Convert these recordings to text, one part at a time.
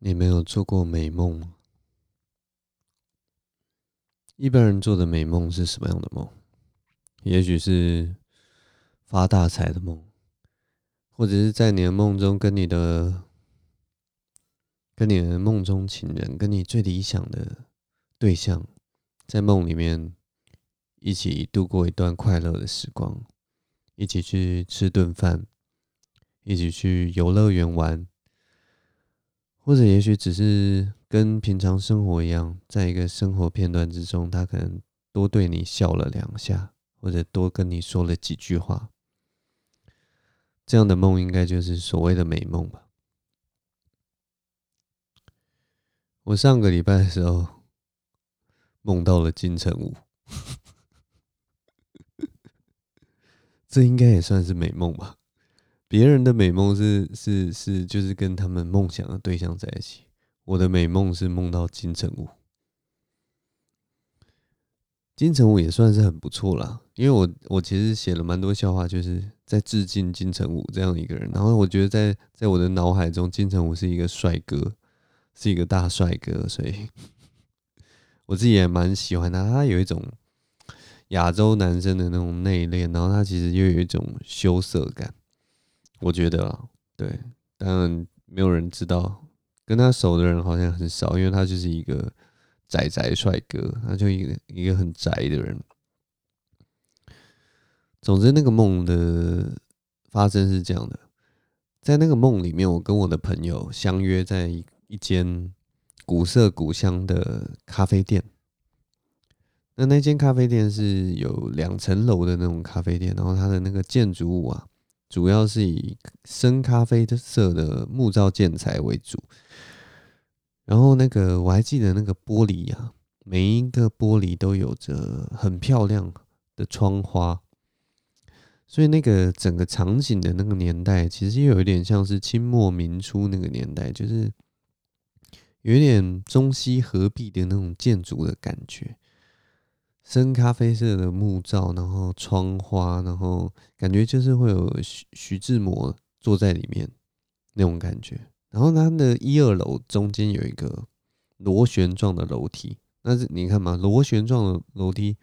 你沒有做過美夢嗎？一般人做的美夢是什麼樣的夢？也許是發大財的夢，或者是在你的夢中跟你的、跟你的夢中情人、跟你最理想的對象，在夢裡面一起度過一段快樂的時光，一起去吃頓飯，一起去遊樂園玩。或者也許只是跟平常生活一樣，在一個生活片段之中，他可能多對你笑了兩下，或者多跟你說了幾句話，這樣的夢應該就是所謂的美夢吧。我上個禮拜的時候夢到了金城武，這應該也算是美夢吧。別人的美夢是是是，就是跟他們夢想的對象在一起。我的美夢是夢到金城武，金城武也算是很不錯啦。因為我我其實寫了蠻多笑話，就是在致敬金城武這樣一個人。然後我覺得在在我的腦海中，金城武是一個帥哥，是一個大帥哥，所以我自己也蠻喜歡他。他有一種亞洲男生的那種內斂，然後他其實又有一種羞澀感。我覺得啊，對，當然沒有人知道，跟他熟的人好像很少，因為他就是一個宅宅帥哥，他就一個一個很宅的人。總之，那個夢的發生是這樣的，在那個夢裡面，我跟我的朋友相約在一一間古色古香的咖啡店。那那間咖啡店是有兩層樓的那種咖啡店，然後它的那個建築物啊。主要是以深咖啡色的木造建材為主，然後那個我還記得那個玻璃呀、啊，每一個玻璃都有着很漂亮的窗花，所以那個整個場景的那個年代其實有一點像是清末民初那個年代，就是有點中西合璧的那種建築的感覺。深咖啡色的木造，然後窗花，然後感覺就是會有徐，徐志摩坐在裡面那種感覺。然後它的一二樓中間有一個螺旋狀的樓梯，那你看嘛，螺旋狀的樓梯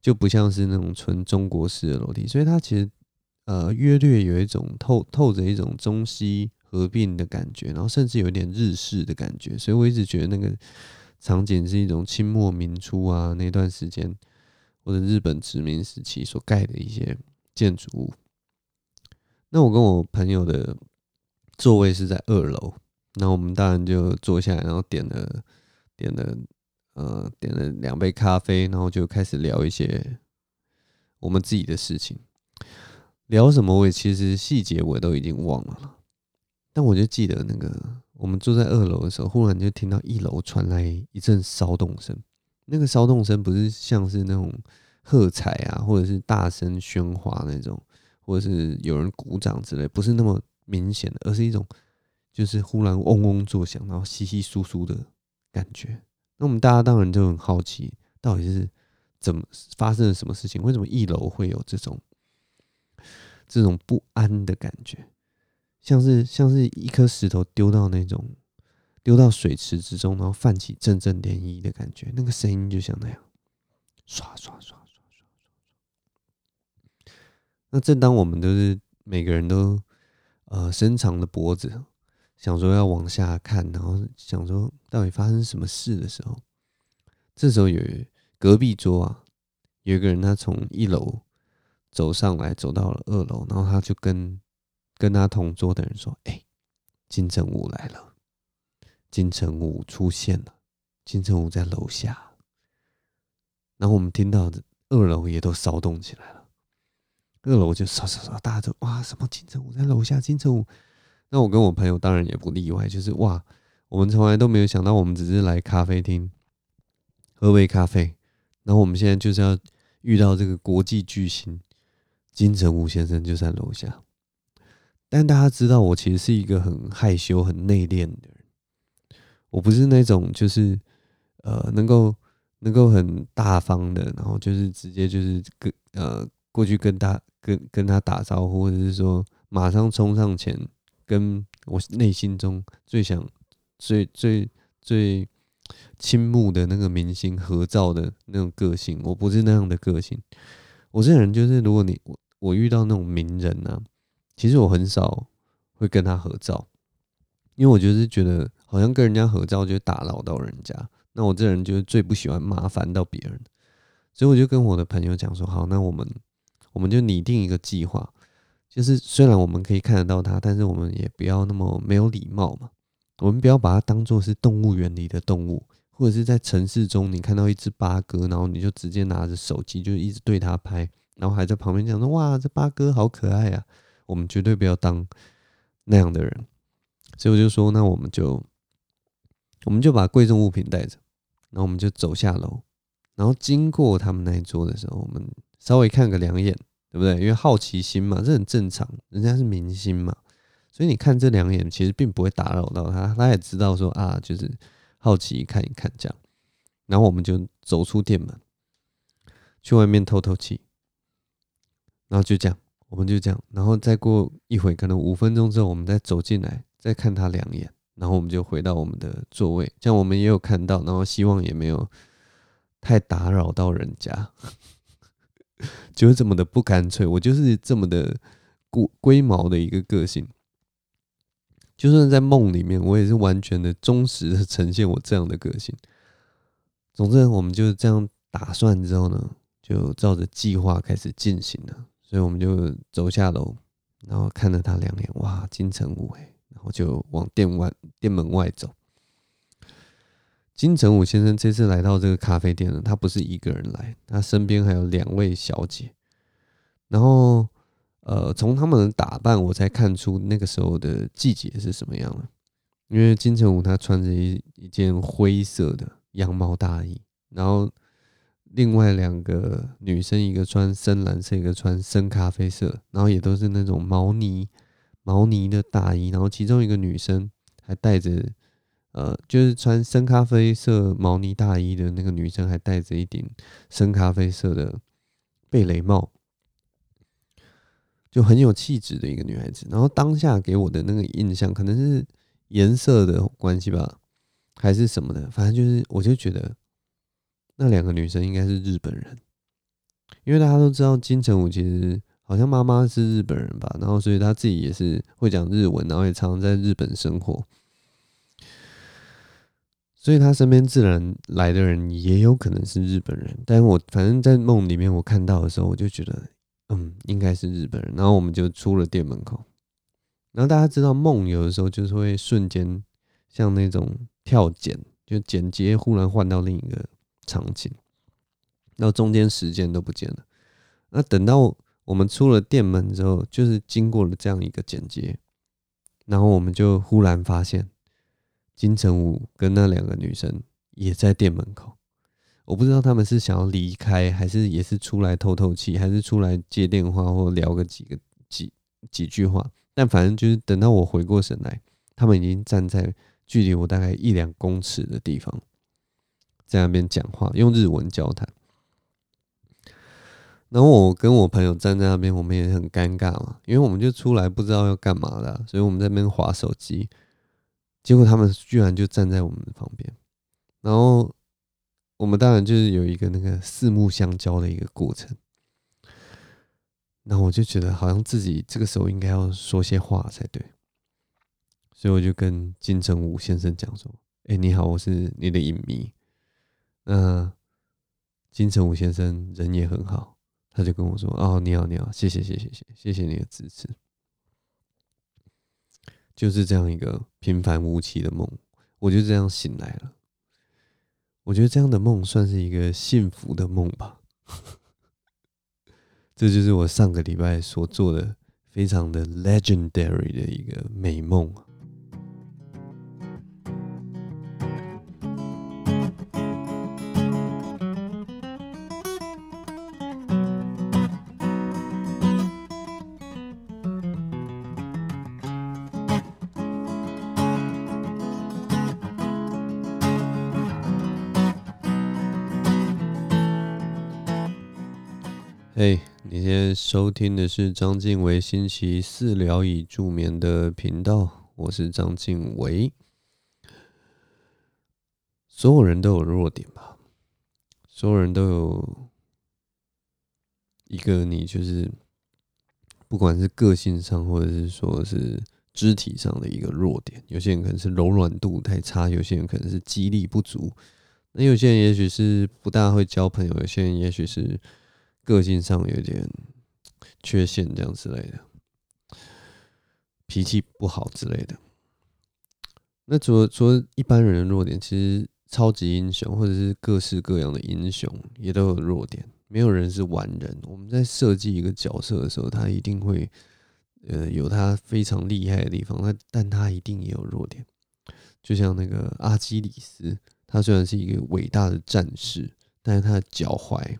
就不像是那種純中國式的樓梯，所以它其實呃約略有一種透透着一種中西合併的感覺，然後甚至有一點日式的感覺，所以我一直覺得那個。場景是一種清末民初啊，那段時間，或者日本殖民時期所蓋的一些建築物。那我跟我朋友的座位是在二樓，那我們當然就坐下來，然後點了點了呃點了兩杯咖啡，然後就開始聊一些我們自己的事情。聊什麼我其實細節我都已經忘了了，但我就記得那個。我們坐在二樓的時候，忽然就聽到一樓傳來一陣騷動聲。那個騷動聲不是像是那種喝彩啊，或者是大聲喧嘩那種，或者是有人鼓掌之類，不是那麼明顯的，而是一種就是忽然嗡嗡作響，然後稀稀疏疏的感覺。那我們大家當然就很好奇，到底是怎麼發生了什麼事情？為什麼一樓會有這種這種不安的感覺？像是像是一顆石頭丟到那種，丟到水池之中，然後泛起陣陣漣漪的感覺。那個聲音就像那樣，刷刷刷刷刷刷。那正當我們都是每個人都呃伸長了脖子，想說要往下看，然後想說到底發生什麼事的時候，這時候有隔壁桌啊，有一個人他從一樓走上來，走到了二樓，然後他就跟。跟他同桌的人說：“哎、欸，金城武來了！金城武出現了，金城武在樓下。”然後我們聽到二樓也都騷動起來了，二樓就騷騷騷，大家都哇，什麼金城武在樓下？金城武，那我跟我朋友當然也不例外，就是哇，我們從來都沒有想到，我們只是來咖啡廳喝杯咖啡，然後我們現在就是要遇到這個國際巨星金城武先生就在樓下。但大家知道，我其實是一個很害羞、很內斂的人。我不是那種就是，呃，能夠能夠很大方的，然後就是直接就是跟呃過去跟他跟跟他打招呼，或者是說馬上衝上前跟我內心中最想最最最傾慕的那個明星合照的那種個性，我不是那樣的個性。我這種人就是，如果你我我遇到那種名人啊，其實我很少會跟他合照，因為我就是覺得好像跟人家合照就會打擾到人家。那我這人就是最不喜歡麻煩到別人，所以我就跟我的朋友講說：好，那我們我們就擬定一個計劃，就是雖然我們可以看得到他，但是我們也不要那麼沒有禮貌嘛。我們不要把它當做是動物園裡的動物，或者是在城市中你看到一隻八哥，然後你就直接拿着手機就一直對他拍，然後還在旁邊講說：哇，這八哥好可愛啊！我們絕對不要當那樣的人，所以我就說，那我們就我們就把貴重物品帶着，然後我們就走下樓，然後經過他們那一桌的時候，我們稍微看個兩眼，對不對？因為好奇心嘛，這很正常。人家是明星嘛，所以你看這兩眼其實並不會打擾到他，他也知道說啊，就是好奇看一看這樣。然後我們就走出店門，去外面透透氣，然後就這樣。我們就這樣，然後再過一會，可能五分鐘之後，我們再走進來，再看他兩眼，然後我們就回到我們的座位。像我們也有看到，然後希望也沒有太打擾到人家，就 這麼的不乾脆，我就是這麼的固龜毛的一個個性。就算在夢裡面，我也是完全的忠實的呈現我這樣的個性。總之，我們就是這樣打算之後呢，就照着計劃開始進行了。所以我們就走下樓，然後看了他兩眼，哇，金城武哎，然後就往店外店門外走。金城武先生這次來到這個咖啡店呢，他不是一個人來，他身邊還有兩位小姐。然後，呃，從他們的打扮，我才看出那個時候的季節是什麼樣的。因為金城武他穿着一一件灰色的羊毛大衣，然後。另外兩個女生，一個穿深藍色，一個穿深咖啡色，然後也都是那種毛呢毛呢的大衣。然後其中一個女生還戴着，呃，就是穿深咖啡色毛呢大衣的那個女生還戴着一頂深咖啡色的貝雷帽，就很有氣質的一個女孩子。然後當下給我的那個印象，可能是顏色的關係吧，還是什麼的，反正就是我就覺得。那兩個女生應該是日本人，因為大家都知道金城武其實好像媽媽是日本人吧，然後所以他自己也是會講日文，然後也常常在日本生活，所以他身邊自然來的人也有可能是日本人。但是我反正在夢裡面我看到的時候，我就覺得嗯，應該是日本人，然後我們就出了店門口，然後大家知道夢有的時候就是會瞬間像那種跳剪，就剪接忽然換到另一個場景，到中間時間都不見了。那等到我們出了店門之後，就是經過了這樣一個剪接，然後我們就忽然發現金城武跟那兩個女生也在店門口。我不知道他們是想要離開，還是也是出來透透氣，還是出來接電話或聊個幾個幾幾句話。但反正就是等到我回過神來，他們已經站在距離我大概一兩公尺的地方。在那邊講話，用日文交談。然後我跟我朋友站在那邊，我們也很尷尬嘛，因為我們就出來不知道要幹嘛了、啊，所以我們在那邊滑手機。結果他們居然就站在我們旁邊，然後我們當然就是有一個那個四目相交的一個過程。然後我就覺得好像自己這個時候應該要說些話才對，所以我就跟金城武先生講說：“哎、欸，你好，我是你的影迷。”那金城武先生人也很好，他就跟我說：“哦，你好，你好，謝謝，謝謝，謝謝你的支持。”就是這樣一個平凡無奇的夢，我就這樣醒來了。我覺得這樣的夢算是一個幸福的夢吧。 這就是我上個禮拜所做的非常的 legendary 的一個美夢。哎，hey, 你現在收聽的是張靜維星期四聊以助眠的頻道，我是張靜維。所有人都有弱點吧？所有人都有一個你，就是不管是個性上，或者是說是肢體上的一個弱點。有些人可能是柔軟度太差，有些人可能是肌力不足，那有些人也許是不大會交朋友，有些人也許是。個性上有點缺陷，這樣之類的，脾氣不好之類的。那除了除了一般人的弱點，其實超級英雄或者是各式各樣的英雄也都有弱點，沒有人是完人。我們在設計一個角色的時候，他一定會呃有他非常厲害的地方，那但他一定也有弱點。就像那個阿基里斯，他雖然是一個偉大的戰士，但是他的腳踝。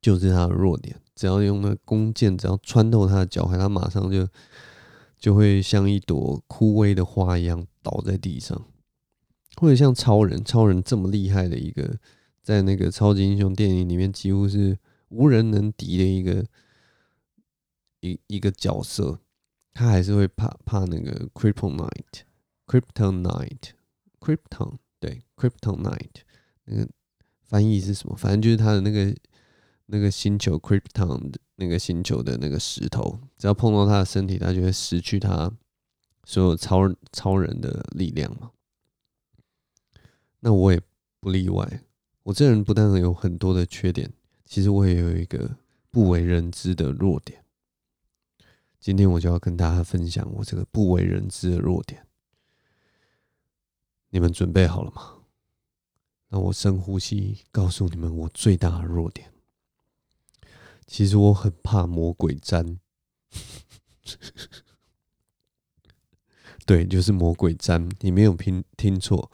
就是他的弱點，只要用那弓箭，只要穿透他的腳踝，他馬上就就會像一朵枯萎的花一樣倒在地上，或者像超人、超人這麼厲害的一個，在那個超級英雄電影裡面幾乎是無人能敵的一個一一個角色，他還是會怕怕那個 Kryptonite、Kryptonite、Krypton，對 Kryptonite 那個翻譯是什麼？反正就是他的那個。那個星球 Krypton 那個星球的那個石頭，只要碰到他的身體，他就會失去他所有超超人的力量嘛。那我也不例外。我這人不但有很多的缺點，其實我也有一個不為人知的弱點。今天我就要跟大家分享我這個不為人知的弱點。你們準備好了嗎？那我深呼吸，告訴你們我最大的弱點。其實我很怕魔鬼氈， 對，就是魔鬼氈，你沒有聽聽錯，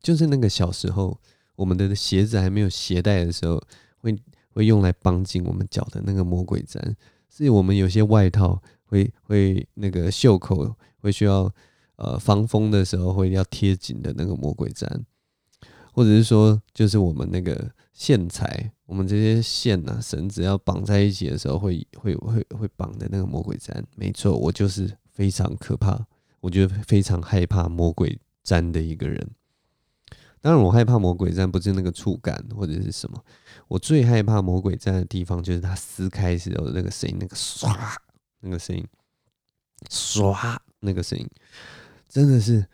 就是那個小時候我們的鞋子還沒有鞋帶的時候，會會用來綁緊我們腳的那個魔鬼氈，所以我們有些外套會會那個袖口會需要呃防風的時候會要貼緊的那個魔鬼氈。或者是說，就是我們那個線材，我們這些線啊，繩子要綁在一起的時候會，會會會會綁的那個魔鬼氈，沒錯，我就是非常可怕，我覺得非常害怕魔鬼氈的一個人。當然，我害怕魔鬼氈不是那個觸感或者是什麼，我最害怕魔鬼氈的地方就是它撕開的時候那個聲音，那個唰，那個聲音，刷那個聲音，那個聲音，真的是。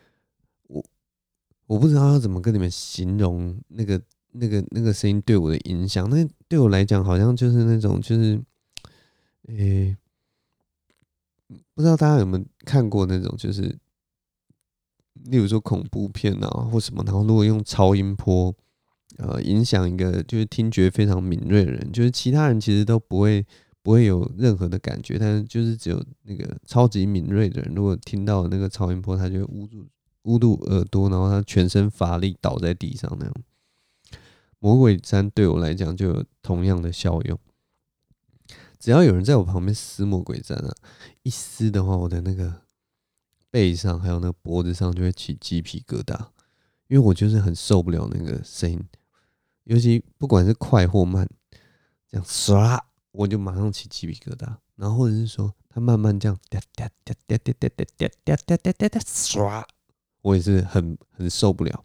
我不知道要怎麼跟你們形容那個、那個、那個聲音對我的影響。那對我來講，好像就是那種，就是，誒、欸，不知道大家有沒有看過那種，就是，例如說恐怖片啊，或什麼。然後，如果用超音波，呃，影響一個就是聽覺非常敏銳的人，就是其他人其實都不會不會有任何的感覺，但是就是只有那個超級敏銳的人，如果聽到那個超音波，他就會捂住。捂住耳朵，然後他全身乏力倒在地上那樣。魔鬼氈對我來講就有同樣的效用，只要有人在我旁邊撕魔鬼氈啊，一撕的話，我的那個背上還有那個脖子上就會起雞皮疙瘩，因為我就是很受不了那個聲音，尤其不管是快或慢，這樣刷，我就馬上起雞皮疙瘩。然後或者是說他慢慢這樣噠噠噠噠噠噠噠噠噠噠噠噠刷。我也是很很受不了，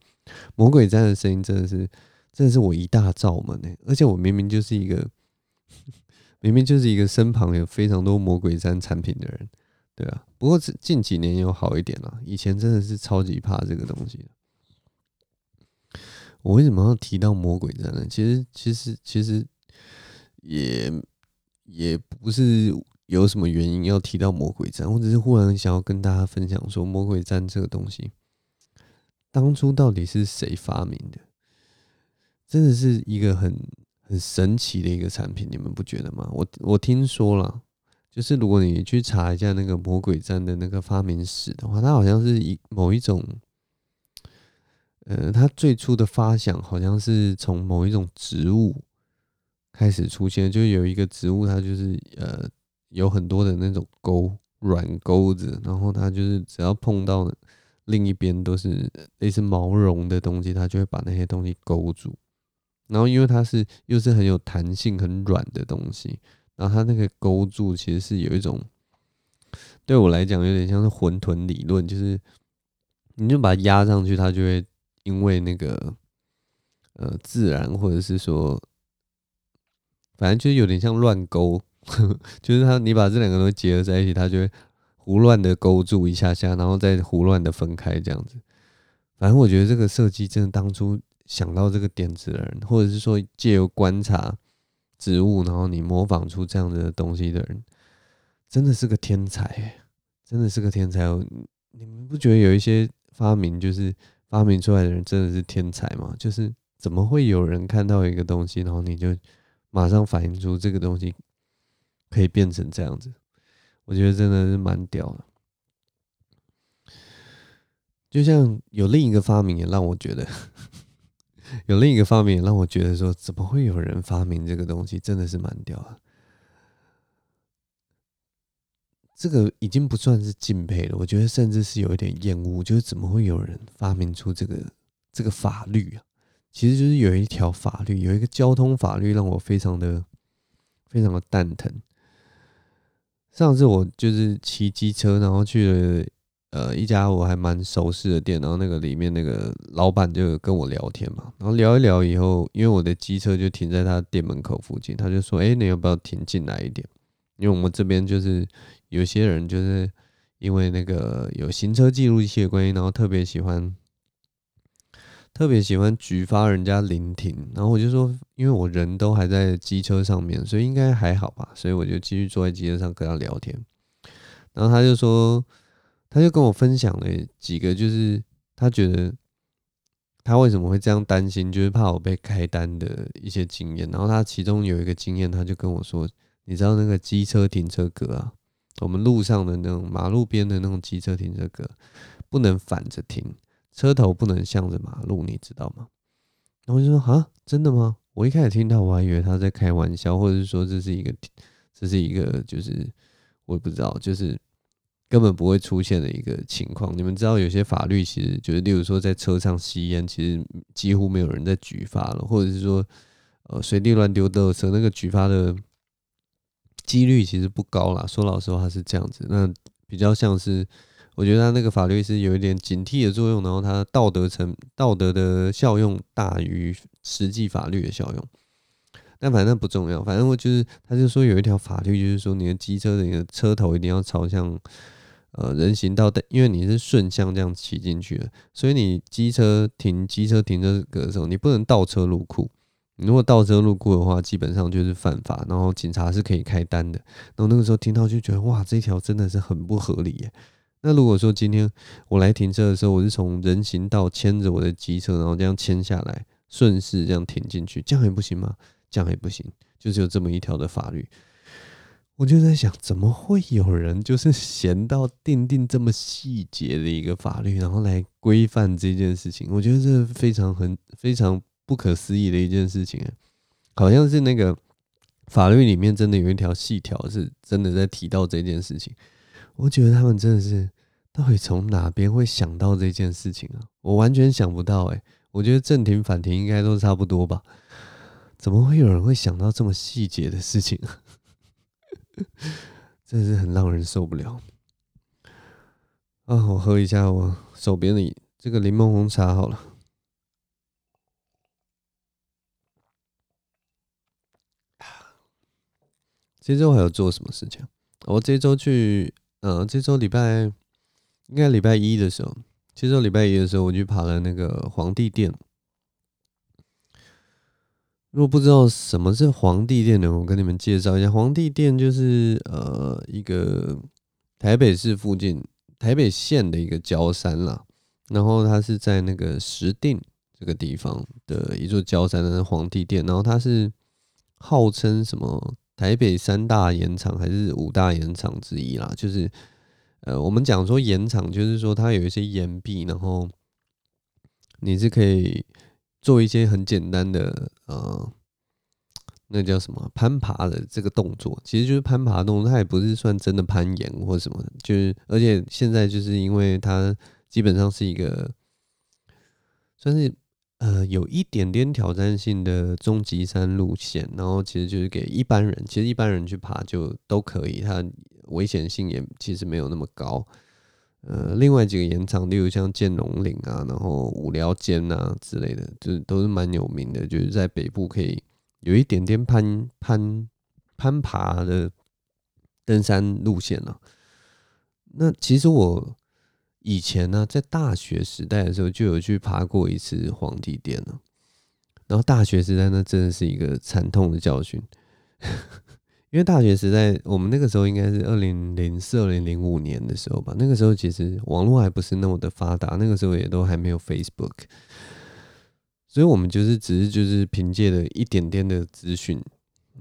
魔鬼氈的聲音真的是，真的是我一大罩門呢、欸，而且我明明就是一個呵呵，明明就是一個身旁有非常多魔鬼氈產品的人，對啊。不過近近幾年又好一點了，以前真的是超級怕這個東西。我為什麼要提到魔鬼氈呢？其實其實其實也也不是有什麼原因要提到魔鬼氈，我只是忽然想要跟大家分享說，魔鬼氈這個東西。當初到底是誰發明的？真的是一個很很神奇的一個產品，你們不覺得嗎？我我聽說了，就是如果你去查一下那個魔鬼氈的那個發明史的話，它好像是一某一種，呃，它最初的發想好像是從某一種植物開始出現的，就有一個植物，它就是呃有很多的那種鈎軟鈎子，然後它就是只要碰到。另一邊都是類似毛絨的東西，它就會把那些東西勾住。然後因為它是又是很有彈性、很軟的東西，然後它那個勾住其實是有一種，對我來講有點像是混沌理論，就是你就把它壓上去，它就會因為那個呃自然，或者是說，反正就是有點像亂勾呵呵，就是它你把這兩個東西結合在一起，它就會。胡亂的勾住一下下，然後再胡亂的分開，這樣子。反正我覺得這個設計，真的當初想到這個點子的人，或者是說借由觀察植物，然後你模仿出這樣子的東西的人，真的是個天才欸，真的是個天才哦、喔！你們不覺得有一些發明，就是發明出來的人真的是天才嗎？就是怎麼會有人看到一個東西，然後你就馬上反映出這個東西可以變成這樣子？我覺得真的是蠻屌的，就像有另一個發明也讓我覺得，有另一個發明也讓我覺得說，怎麼會有人發明這個東西？真的是蠻屌的。這個已經不算是敬佩了，我覺得甚至是有一點厭惡。就是怎麼會有人發明出這個這個法律啊？其實就是有一條法律，有一個交通法律，讓我非常的非常的蛋疼。上次我就是騎機車，然後去了呃一家我還蠻熟悉的店，然後那個裡面那個老闆就跟我聊天嘛，然後聊一聊以後，因為我的機車就停在他店門口附近，他就說：“哎、欸，你要不要停進來一點？因為我們這邊就是有些人就是因為那個有行車記錄器的關係，然後特別喜歡。”特別喜歡舉發人家聆聽，然後我就說，因為我人都還在機車上面，所以應該還好吧，所以我就繼續坐在機車上跟他聊天。然後他就說，他就跟我分享了幾個，就是他覺得他為什麼會這樣擔心，就是怕我被開單的一些經驗。然後他其中有一個經驗，他就跟我說，你知道那個機車停車格啊，我們路上的那種馬路邊的那種機車停車格，不能反着停。車頭不能向着馬路，你知道嗎？然後就說啊，真的嗎？我一開始聽到我還以為他在開玩笑，或者是說這是一個，這是一個，就是我也不知道，就是根本不會出現的一個情況。你們知道，有些法律其實就是，例如說在車上吸煙，其實幾乎沒有人在舉發了，或者是說呃隨地亂丟垃圾，那個舉發的幾率其實不高啦。說老實話是這樣子，那比較像是。我覺得他那個法律是有一點警惕的作用，然後他道德層道德的效用大於實際法律的效用。但反正不重要，反正我就是，他就說有一條法律，就是說你的機車的，你的車頭一定要朝向呃人行道的，因為你是順向這樣騎進去的，所以你機車停機車停車格的時候，你不能倒車入庫。你如果倒車入庫的話，基本上就是犯法，然後警察是可以開單的。然後那個時候聽到就覺得哇，這條真的是很不合理耶。那如果說今天我來停車的時候，我是從人行道牽着我的機車，然後這樣牽下來，順勢這樣停進去，這樣也不行嗎？這樣也不行，就是有這麼一條的法律。我就在想，怎麼會有人就是閒到訂定這麼細節的一個法律，然後來規範這件事情？我覺得這是非常很非常不可思議的一件事情啊！好像是那個法律裡面真的有一條細條，是真的在提到這件事情。我覺得他們真的是。到底從哪邊會想到這件事情啊？我完全想不到哎、欸！我覺得正停反停應該都差不多吧？怎麼會有人會想到這麼細節的事情、啊？真是很讓人受不了啊！我喝一下我手邊的這個檸檬紅茶好了。啊、這週還有做什麼事情？我這週去……嗯、啊，這週禮拜。應該禮拜一的時候，其實禮拜一的時候，我去爬了那個皇帝殿。如果不知道什麼是皇帝殿呢？我跟你們介紹一下，皇帝殿就是呃一個台北市附近台北縣的一個郊山啦。然後它是在那個石碇這個地方的一座郊山的皇帝殿，然後它是號稱什麼台北三大岩場還是五大岩場之一啦，就是。呃，我們講說岩場，就是說它有一些岩壁，然後你是可以做一些很簡單的，呃，那叫什麼攀爬的這個動作，其實就是攀爬的動作，它也不是算真的攀岩或什麼，就是而且現在就是因為它基本上是一個算是。呃，有一點點挑戰性的終極山路線，然後其實就是給一般人，其實一般人去爬就都可以，它危險性也其實沒有那麼高。呃，另外幾個延長，例如像劍龍嶺啊，然後五寮尖啊之類的，就都是蠻有名的，就是在北部可以有一點點攀攀攀爬的登山路線了、啊。那其實我。以前呢，啊，在大學時代的時候，就有去爬過一次皇帝殿了。然後大學時代，那真的是一個慘痛的教訓， 因為大學時代，我們那個時候應該是二零零四、二零零五年的時候吧。那個時候其實網絡還不是那麼的發達，那個時候也都還沒有 Facebook，所以我們就是只是就是憑借了一點點的資訊。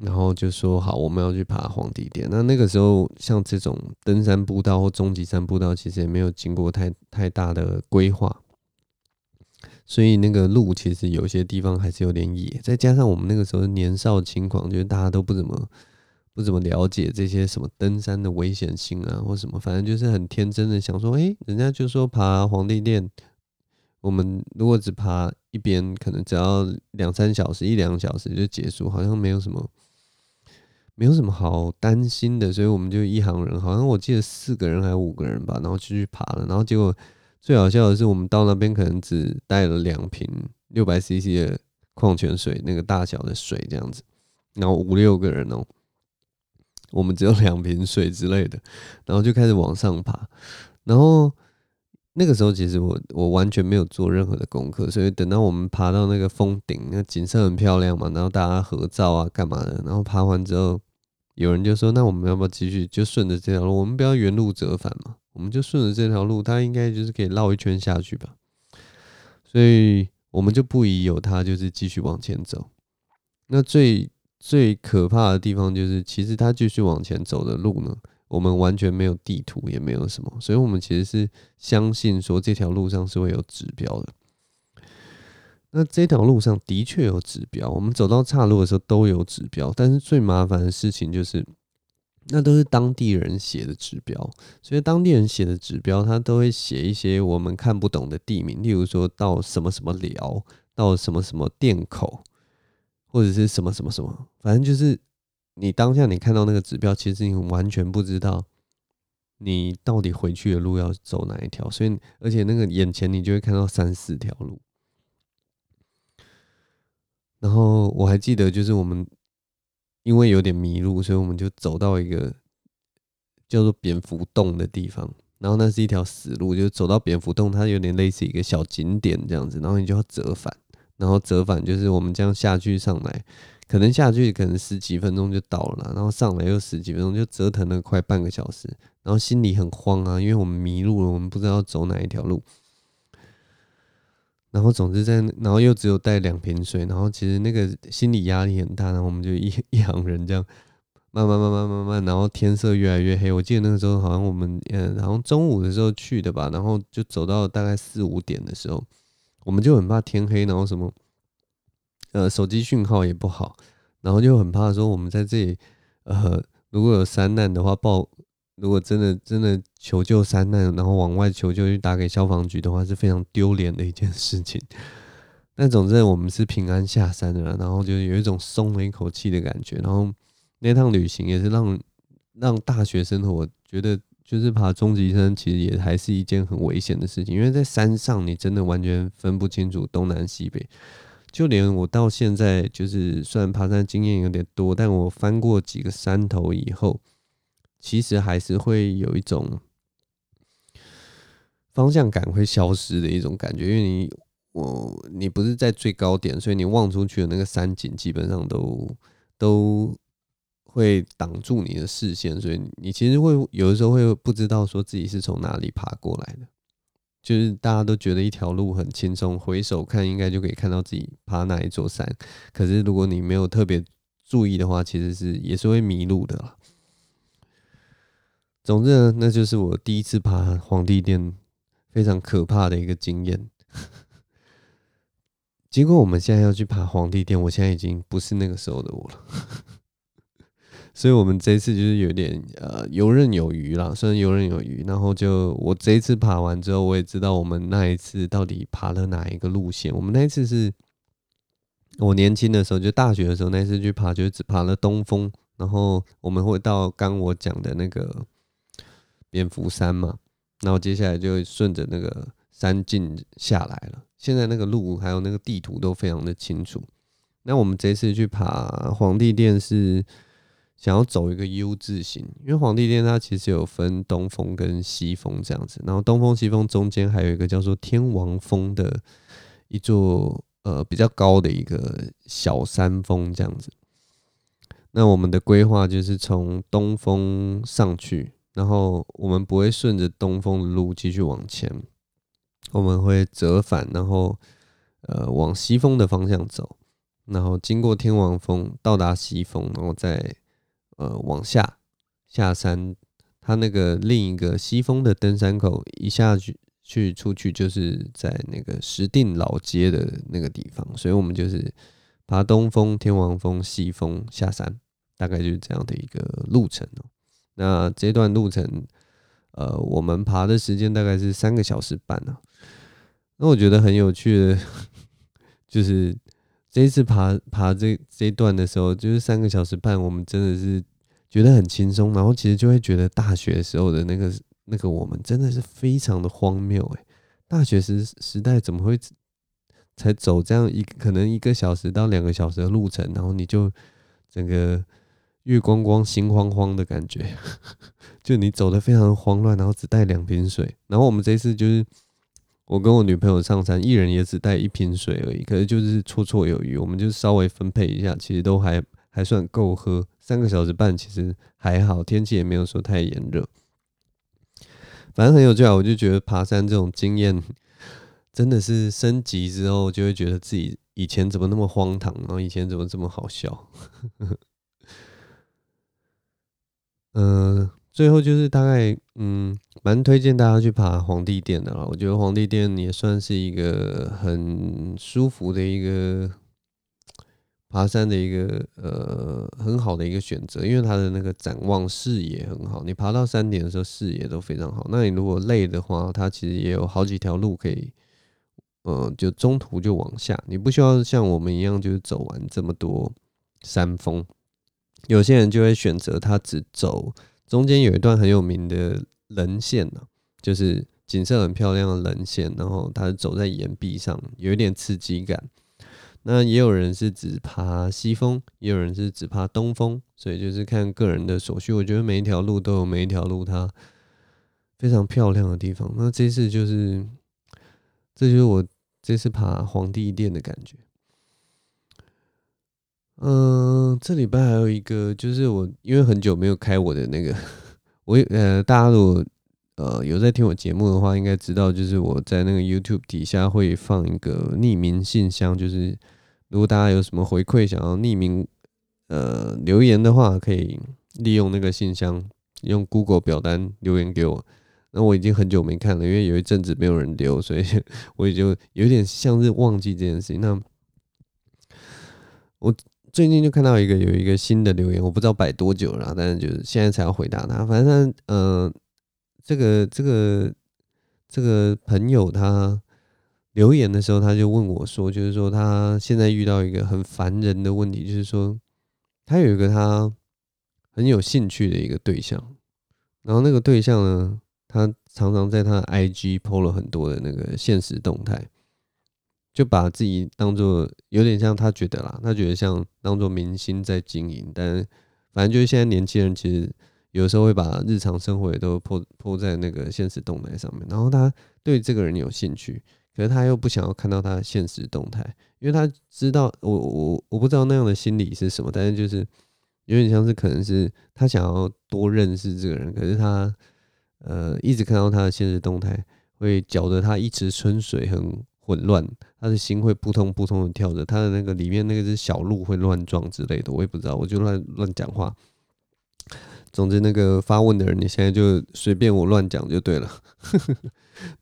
然後就說好，我們要去爬皇帝殿。那那個時候，像這種登山步道或中級山步道，其實也沒有經過太太大的規劃，所以那個路其實有些地方還是有點野。再加上我們那個時候年少輕狂，就是大家都不怎麼不怎麼了解這些什麼登山的危險性啊，或什麼，反正就是很天真的想說，誒，人家就說爬皇帝殿，我們如果只爬。一邊可能只要兩三小時，一兩小時就結束，好像沒有什麼，沒有什麼好擔心的，所以我們就一行人，好像我記得四個人還是五個人吧，然後繼續爬了。然後結果最好笑的是，我們到那邊可能只帶了兩瓶六百 CC 的礦泉水，那個大小的水這樣子，然後五六個人哦、喔，我們只有兩瓶水之類的，然後就開始往上爬，然後。那個時候其實我我完全沒有做任何的功課，所以等到我們爬到那個峰頂，那景色很漂亮嘛，然後大家合照啊，幹嘛的，然後爬完之後，有人就說：“那我們要不要繼續？就順着這條路，我們不要原路折返嘛？我們就順着這條路，它應該就是可以繞一圈下去吧。”所以我們就不疑有他，就是繼續往前走。那最最可怕的地方就是，其實它繼續往前走的路呢？我們完全沒有地圖，也沒有什麼，所以我們其實是相信說這條路上是會有指標的。那這條路上的確有指標，我們走到岔路的時候都有指標，但是最麻煩的事情就是，那都是當地人寫的指標，所以當地人寫的指標，他都會寫一些我們看不懂的地名，例如說到什麼什麼寮，到什麼什麼店口，或者是什麼什麼什麼，反正就是。你當下你看到那個指標，其實你完全不知道你到底回去的路要走哪一條，所以而且那個眼前你就會看到三四條路。然後我還記得，就是我們因為有點迷路，所以我們就走到一個叫做蝙蝠洞的地方，然後那是一條死路，就是走到蝙蝠洞，它有點類似一個小景點這樣子，然後你就要折返，然後折返就是我們這樣下去上來。可能下去可能十幾分鐘就到了啦，然後上來又十幾分鐘，就折騰了快半個小時，然後心裡很慌啊，因為我們迷路了，我們不知道走哪一條路。然後總之在，然後又只有帶兩瓶水，然後其實那個心理壓力很大，然後我們就一一行人這樣慢慢慢慢慢慢，然後天色越來越黑。我記得那個時候好像我們嗯，然後中午的時候去的吧，然後就走到大概四五點的時候，我們就很怕天黑，然後什麼。呃，手機訊號也不好，然後就很怕說我們在這裡，呃，如果有山難的話報，如果真的真的求救山難，然後往外求救去打給消防局的話，是非常丟臉的一件事情。但總之，我們是平安下山了，啊，然後就有一種鬆了一口氣的感覺。然後那趟旅行也是讓讓大學生活我覺得，就是爬中級山其實也還是一件很危險的事情，因為在山上你真的完全分不清楚東南西北。就連我到現在，就是雖然爬山經驗有點多，但我翻過幾個山頭以後，其實還是會有一種方向感會消失的一種感覺。因為你、我、你不是在最高點，所以你望出去的那個山景基本上都都會擋住你的視線，所以你其實會有的時候會不知道說自己是從哪裡爬過來的。就是大家都覺得一條路很輕鬆，回首看應該就可以看到自己爬哪一座山。可是如果你沒有特別注意的話，其實是也是會迷路的啦。總之呢，那就是我第一次爬皇帝殿非常可怕的一個經驗。經過我們現在要去爬皇帝殿，我現在已經不是那個時候的我了。所以我們這一次就是有點呃、游刃有餘了，雖然游刃有餘，然後就我這一次爬完之後，我也知道我們那一次到底爬了哪一個路線。我們那一次是我年輕的時候，就是、大學的時候那一次去爬，就只、是、爬了東峰，然後我們會到剛我講的那個蝙蝠山嘛，然後接下來就順着那個山徑下來了。現在那個路還有那個地圖都非常的清楚。那我們這次去爬皇帝殿是，想要走一個 U 字形，因為皇帝殿它其實有分東峰跟西峰這樣子，然後東峰、西峰中間還有一個叫做天王峰的一座呃比較高的一個小山峰這樣子。那我們的規劃就是從東峰上去，然後我們不會順着東峰的路繼續往前，我們會折返，然後呃往西峰的方向走，然後經過天王峰到達西峰，然後再。呃，往下下山，它那個另一個西峰的登山口，一下去去出去就是在那個石碇老街的那個地方，所以我們就是爬東峰、天王峰、西峰下山，大概就是這樣的一個路程。那這段路程，呃，我們爬的時間大概是三個小時半呢、啊。那我覺得很有趣的，的就是。這一次爬爬這這一段的時候，就是三個小時半，我們真的是覺得很輕鬆。然後其實就會覺得大學時候的那個那個我們真的是非常的荒謬哎！大學時時代怎麼會才走這樣一可能一個小時到兩個小時的路程，然後你就整個月光光心慌慌的感覺， 就你走得非常的慌亂，然後只帶兩瓶水。然後我們這一次就是。我跟我女朋友上山，一人也只帶一瓶水而已，可是就是綽綽有餘。我們就稍微分配一下，其實都還還算夠喝。三個小時半，其實還好，天氣也沒有說太炎熱。反正很有趣啊，我就覺得爬山這種經驗，真的是升級之後，就會覺得自己以前怎麼那麼荒唐，然後以前怎麼這麼好笑。嗯。呃最後就是大概，嗯，蠻推薦大家去爬皇帝殿的啦。我覺得皇帝殿也算是一個很舒服的一個爬山的一個呃，很好的一個選擇，因為它的那個展望視野很好。你爬到山頂的時候，視野都非常好。那你如果累的話，它其實也有好幾條路可以，呃，就中途就往下，你不需要像我們一樣就是走完這麼多山峰。有些人就會選擇他只走。中間有一段很有名的稜線吶，就是景色很漂亮的稜線，然後它是走在岩壁上，有一點刺激感。那也有人是只爬西峰，也有人是只爬東峰，所以就是看個人的所需。我覺得每一條路都有每一條路它非常漂亮的地方。那這次就是，這就是我這次爬皇帝殿的感覺。嗯、呃，這禮拜還有一個，就是我因為很久沒有開我的那個，我呃，大家如果呃有在聽我節目的話，應該知道，就是我在那個 YouTube 底下會放一個匿名信箱，就是如果大家有什麼回饋想要匿名呃留言的話，可以利用那個信箱用 Google 表單留言給我。那我已經很久沒看了，因為有一陣子沒有人留，所以 我也就有點像是忘記這件事情。那我。最近就看到一個有一個新的留言，我不知道擺多久了啦，但是就是現在才要回答他。反正他嗯、呃，這個這個這個朋友他留言的時候，他就問我說，就是說他現在遇到一個很煩人的問題，就是說他有一個他很有興趣的一個對象，然後那個對象呢，他常常在他的 IG po 了很多的那個限時動態。就把自己當做有點像他覺得啦，他覺得像當做明星在經營，但反正就是現在年輕人其實有時候會把日常生活也都 po po 在那個限時動態上面。然後他對這個人有興趣，可是他又不想要看到他的限時動態，因為他知道我我我不知道那樣的心理是什麼，但是就是有點像是可能是他想要多認識這個人，可是他呃一直看到他的限時動態會攪得他一池春水很。混亂，他的心會撲通撲通的跳着，他的那個裡面那個是小鹿會亂撞之類的，我也不知道，我就亂亂講話。總之，那個發問的人，你現在就隨便我亂講就對了。呵 呵，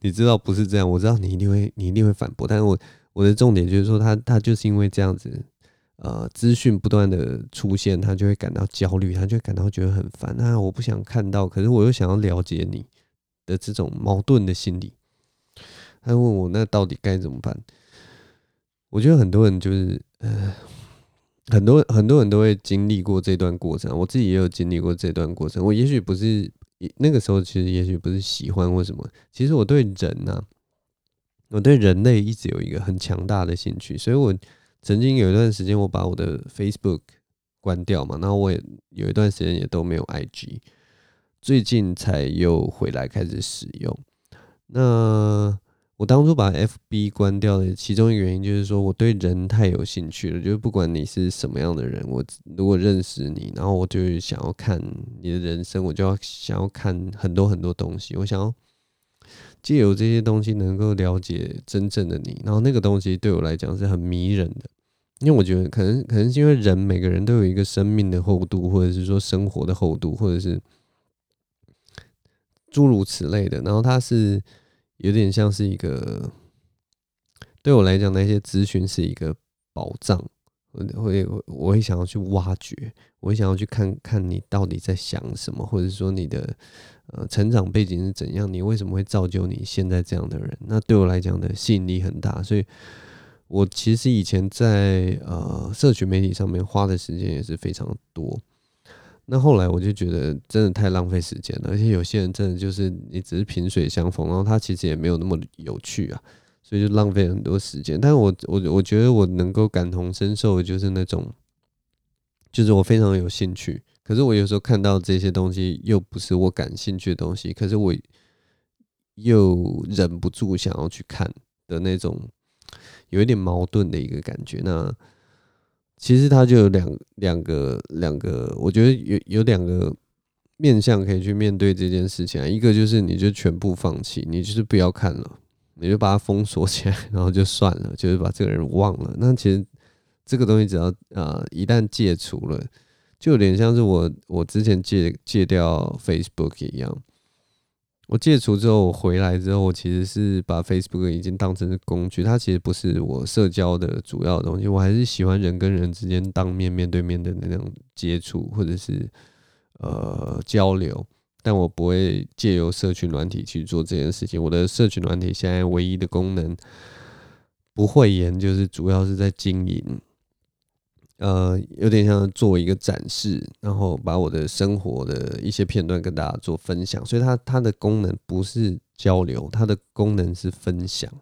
你知道不是這樣，我知道你一定會你一定會反駁，但是我我的重點就是說他，他他就是因為這樣子，呃，資訊不斷的出現，他就會感到焦慮，他就會感到覺得很煩。那我不想看到，可是我又想要了解你的這種矛盾的心理。他問我：“那到底該怎麼辦？”我覺得很多人就是，呃、很多很多人都會經歷過這段過程啊。我自己也有經歷過這段過程。我也許不是那個時候，其實也許不是喜歡或什麼。其實我對人吶啊，我對人類一直有一個很強大的興趣。所以我曾經有一段時間，我把我的 Facebook 關掉嘛，然後我也有一段時間也都沒有 IG。最近才又回來開始使用。那。我當初把 FB 關掉的其中一個原因就是說，我對人太有興趣了。就是不管你是什麼樣的人，我如果認識你，然後我就想要看你的人生，我就要想要看很多很多東西。我想要借由這些東西能夠了解真正的你，然後那個東西對我來講是很迷人的，因為我覺得可能可能是因為人每個人都有一個生命的厚度，或者是說生活的厚度，或者是諸如此類的。然後他是。有點像是一個，對我來講，那些資訊是一個寶藏，我會，我會想要去挖掘，我會想要去看看你到底在想什麼，或者說你的呃成長背景是怎樣，你為什麼會造就你現在這樣的人？那對我來講的吸引力很大，所以，我其實以前在呃社群媒體上面花的時間也是非常多。那後來我就覺得真的太浪費時間了，而且有些人真的就是你只是萍水相逢，然後他其實也沒有那麼有趣啊，所以就浪費很多時間。但是，我我我覺得我能夠感同身受的就是那種，就是我非常有興趣，可是我有時候看到這些東西又不是我感興趣的東西，可是我又忍不住想要去看的那種，有一點矛盾的一個感覺。那。其實他就有兩兩個兩個，我覺得有有兩個面向可以去面對這件事情啊。一個就是你就全部放棄，你就是不要看了，你就把它封鎖起來，然後就算了，就是把這個人忘了。那其實這個東西只要啊，呃，一旦戒除了，就有點像是我我之前戒戒掉 Facebook 一樣。我戒除之後，我回來之後，我其實是把 Facebook 已經當成是工具，它其實不是我社交的主要東西。我還是喜歡人跟人之間當面面對面的那種接觸或者是呃交流，但我不會借由社群軟體去做這件事情。我的社群軟體現在唯一的功能，不會言，就是主要是在經營。呃，有點像做一個展示，然後把我的生活的一些片段跟大家做分享，所以它它的功能不是交流，它的功能是分享。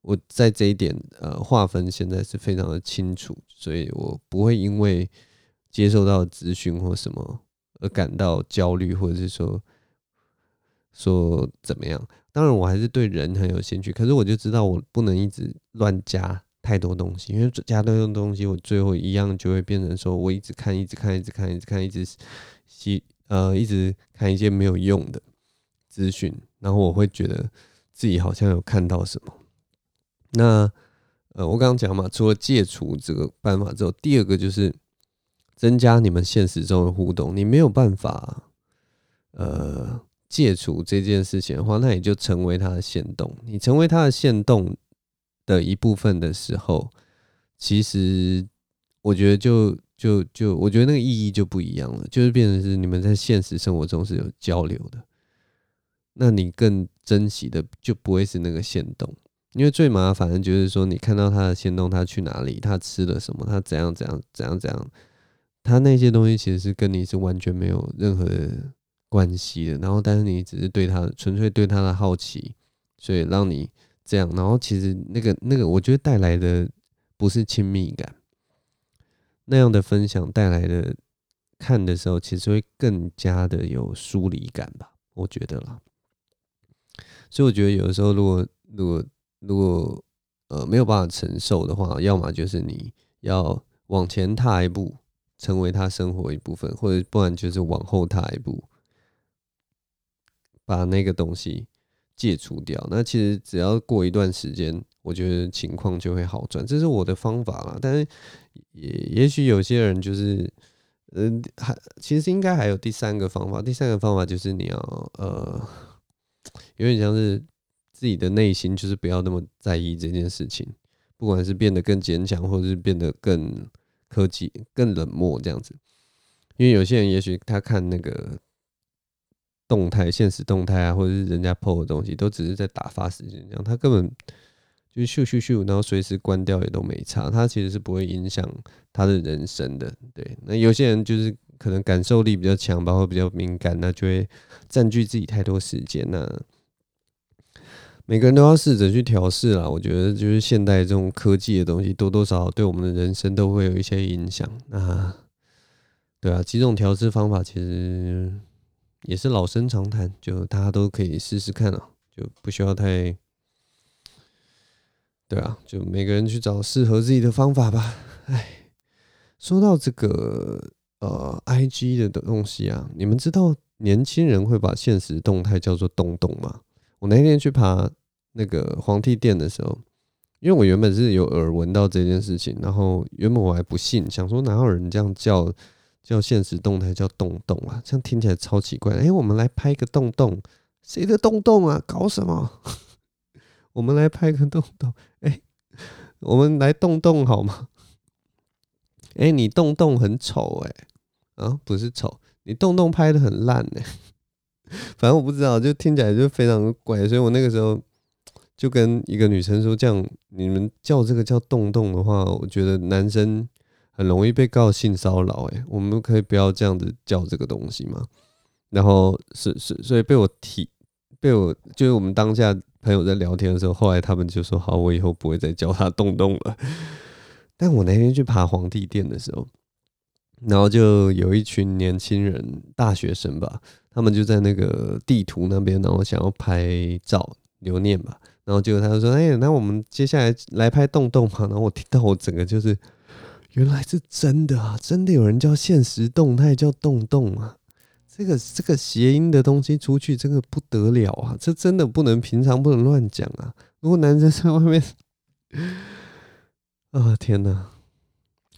我在這一點呃劃分現在是非常的清楚，所以我不會因為接收到諮詢或什麼而感到焦慮，或者是說說怎麼樣。當然，我還是對人很有興趣，可是我就知道我不能一直亂加。太多東西，因為加太多東西，我最後一樣就會變成說，我一直看，一直看，一直看，一直看，一直吸，呃，一直看一些沒有用的資訊，然後我會覺得自己好像有看到什麼。那，呃，我剛剛講嘛，除了戒除這個辦法之後，第二個就是增加你們現實中的互動。你沒有辦法，呃，戒除這件事情的話，那你就成為它的限動。你成為它的限動的一部分的時候，其實我覺得就就就，我覺得那個意義就不一樣了，就是變成是你們在現實生活中是有交流的，那你更珍惜的就不會是那個限動，因為最麻煩的，就是說你看到他的限動，他去哪裡，他吃了什麼，他怎樣怎樣怎樣怎樣，他那些東西其實是跟你是完全沒有任何關係的，然後但是你只是對他純粹對他的好奇，所以讓你。這樣，然後其實那個那個，我覺得帶來的不是親密感，那樣的分享帶來的，看的時候其實會更加的有疏離感吧，我覺得啦。所以我覺得有的時候如果，如果如果如果呃沒有辦法承受的話，要麼就是你要往前踏一步，成為他生活一部分，或者不然就是往後踏一步，把那個東西。戒除掉，那其實只要過一段時間，我覺得情況就會好轉。這是我的方法啦，但是也也許有些人就是，嗯、呃、還其實應該還有第三個方法。第三個方法就是你要呃，有點像是自己的內心，就是不要那麼在意這件事情，不管是變得更堅強，或者是變得更科技、更冷漠這樣子。因為有些人也許他看那個。動態、現實動態啊，或者是人家 PO 的東西，都只是在打發時間，這樣他根本就是咻咻咻，然後隨時關掉也都沒差。他其實是不會影響他的人生的。對，那有些人就是可能感受力比較強吧，或比較敏感，那就會占據自己太多時間啊。那每個人都要試着去調適啦。我覺得，就是現代這種科技的東西，多多少少對我們的人生都會有一些影響。啊，對啊，幾種調適方法其實。也是老生常談，就大家都可以試試看啊，就不需要太，對啊，就每個人去找適合自己的方法吧。哎，說到這個呃，IG 的東西啊，你們知道年輕人會把現實動態叫做“動動”嗎？我那天去爬那個皇帝殿的時候，因為我原本是有耳聞到這件事情，然後原本我還不信，想說哪有人這樣叫。叫現實動態叫動動啊，這樣聽起來超奇怪的。哎、欸，我們來拍個動動，誰的動動啊？搞什麼？我們來拍個動動。哎、欸，我們來動動好嗎？哎、欸，你動動很醜，哎、欸。啊，不是醜，你動動拍得很爛，哎、欸。反正我不知道，就聽起來就非常怪。所以我那個時候就跟一個女生說，這樣你們叫這個叫動動的話，我覺得男生。很容易被告性騷擾，哎，我們可以不要這樣子叫這個東西嗎？然後是是，所以被我提，被我就是我們當下朋友在聊天的時候，後來他們就說：“好，我以後不會再叫他洞洞了。”但我那天去爬皇帝殿的時候，然後就有一群年輕人，大學生吧，他們就在那個地圖那邊，然後想要拍照留念吧。然後結果他就說：“哎、欸，那我們接下來來拍洞洞嘛。”然後我聽到我整個就是。原來是真的啊！真的有人叫現實動態叫“洞洞”啊，這個這個諧音的東西出去，真的不得了啊！這真的不能平常不能亂講啊！如果男生在外面、 呃，啊天哪！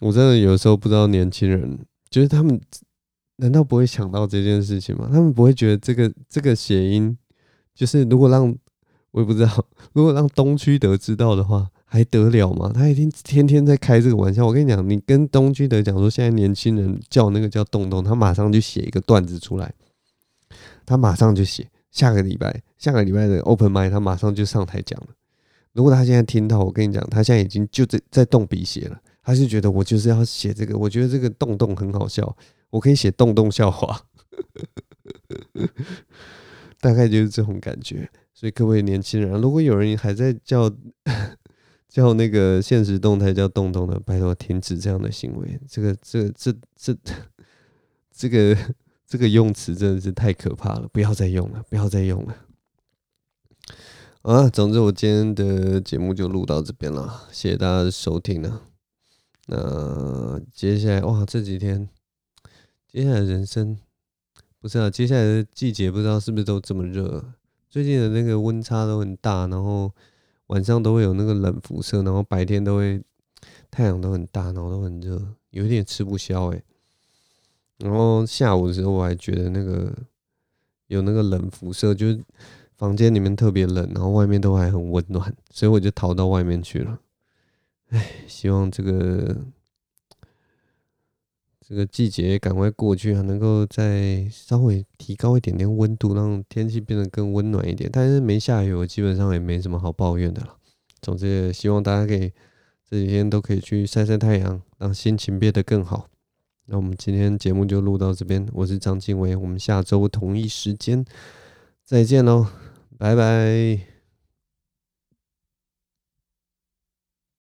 我真的有時候不知道年輕人，就是他們難道不會想到這件事情嗎？他們不會覺得這個這個諧音，就是如果讓我也不知道，如果讓東區德知道的話，還得了嗎？他已經天天在開這個玩笑。我跟你講，你跟東居德講說，現在年輕人叫那個叫洞洞，他馬上就寫一個段子出來。他馬上就寫，下個禮拜，下個禮拜的 open mic 他馬上就上台講了。如果他現在聽到，我跟你講，他現在已經就在在動筆寫了。他是覺得我就是要寫這個，我覺得這個洞洞很好笑，我可以寫洞洞笑話， 大概就是這種感覺。所以各位年輕人，如果有人還在叫。叫那個限時動態叫動動的，拜託停止這樣的行為。這個、這、這、這、這個、這個用詞真的是太可怕了，不要再用了，不要再用了。啊，總之我今天的節目就錄到這邊了，謝謝大家的收聽了。那接下來哇，這幾天接下來人生不是啊，接下來的季節不知道是不是都這麼熱，最近的那個溫差都很大，然後。晚上都會有那個冷輻射，然後白天都會太陽都很大，然後都很熱，有點吃不消哎。然後下午的時候我還覺得那個有那個冷輻射，就是房間裡面特別冷，然後外面都還很溫暖，所以我就逃到外面去了。哎，希望這個。這個季節趕快過去啊，還能夠再稍微提高一點點溫度，讓天氣變得更溫暖一點。但是沒下雨，我基本上也沒什麼好抱怨的了。總之，也希望大家可以這幾天都可以去曬曬太陽，讓心情變得更好。那我們今天節目就錄到這邊，我是張經緯，我們下周同一時間再見嘍，拜拜。